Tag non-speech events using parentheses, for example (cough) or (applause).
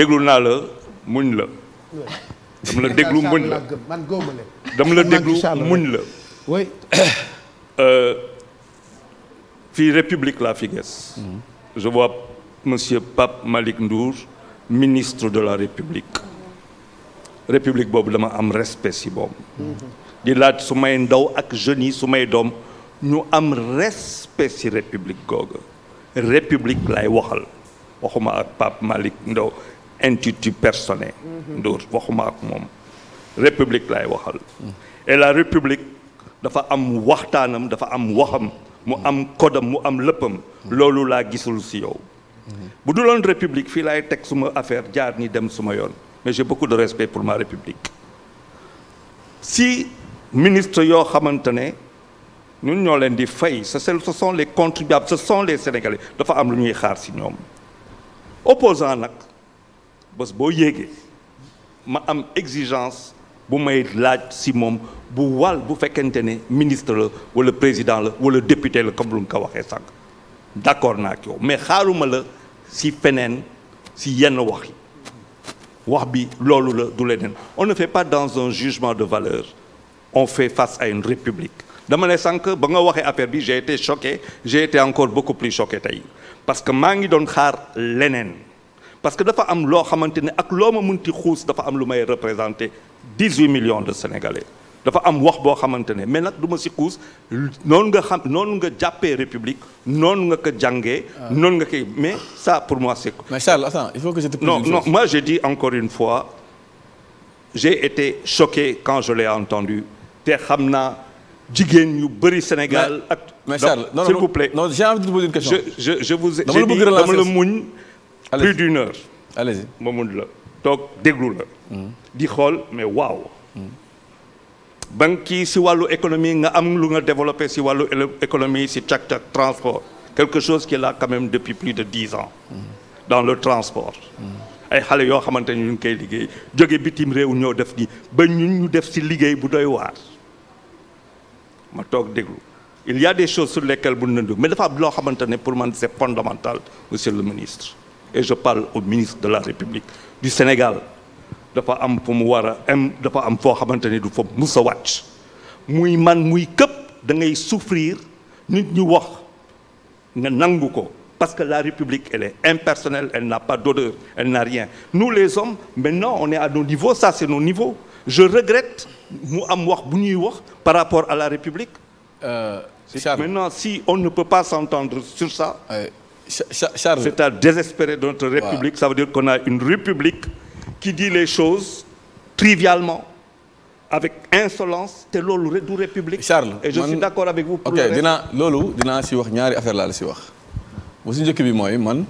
déglu naa la muñ la. dama la déglu muñ la man dama la déglu muñ la. oui. (coughs) Euh, fii république la Figues. je vois monsieur Pape Malick Ndour ministre de la république. république boobu dama am respect si moom. di laaj su may ndaw ak jeunes yi su may doom ñu am respect si république googu république lay waxal waxuma ak Pape Malick Ndour intitut personnel. Ndour waxuma ak moom république laay waxal. et la république dafa am waxtaanam dafa am waxam mu am kodam mu am léppam loolu laa gisul si yow. bu loon république fii laay teg suma affaire jaar ñi dem suma yoon mais j'ai beaucoup de respect pour ma république. si ministre yoo xamante ne ñun ñoo leen di fay sa ce sont les contribuables ce sont les sénégalais dafa am lu ñuy xaar si ñoom opposant nag. bés boo yéegee ma am exigence bu may laaj si moom bu wàll bu fekkente ne ministre la wala président la wala député la comme lu nga ko waxee sànq d'accord na ak yow mais xaaruma la si feneen si yenn wax wax bi loolu la du leneen on ne fait pas dans un jugement de valeur on fait face à une république dama ne sànq ba nga waxee affaire bi j'ai été choqué j'ai été encore beaucoup plus choqué tey parce que maa ngi doon xaar leneen parce que dafa am loo xamante ne ak loo ma munti xuus dafa am lu may représenté 18 millions de sénégalais dafa am wax boo xamante ne mais nag du ma si xuus noonu nga xam noonu nga jàppee république noonu nga ko jàngee. Ah. noonu nga koy mais ça pour moi c'est. mais Charles attends il faut que je te pose non moi j'ai dit encore une fois j'ai été choqué quand je l'ai entendu te xam na jigéen yu bëri Sénégal. ak mais Charles non vous plaît je vous ai. dama la bëgg plus d'une heure. allez-y ma la toog déglu la. di xool mais waaw. ba nga kii si wàllu économie nga am lu nga développé si wàllu économie ci càq càq transport quelque chose qui est quand même depuis plus de dix ans. dans le transport. ay xale yoo xamante ni ñu ngi koy liggéey jóge bitim réew ñoo def nii ba ñu ñu def si liggéey bu doy waar ma toog déglu il y des choses sur lesquelles bu nëndu mais dafa am loo xamante ne pour man c'est fondamental monsieur le ministre. et je parle au ministre de la République du Sénégal dafa am fu mu war a dafa am foo xamante ni du foofu musa wàcc muy man muy këpp da ngay souffrir nit ñi wax nga nangu ko parce que la République elle est impersonnelle elle n'a pas d'odeur elle n'a rien nous les hommes maintenant on est à nos niveaux ça c'est nos niveaux je regrette mu am wax bu ñuy wax par rapport à la République euh, maintenant si on ne peut pas s'entendre sur ça Charles. C'est à désespérer de notre république. Wow. Ça veut dire qu'on a une république qui dit les choses trivialement, avec insolence, te loolu du république. Charles et je man, suis d'accord avec vous. pour ok dinaa loolu dinaa si wax ñaari affaire laal la wax. bu si njëkk bi mooy man.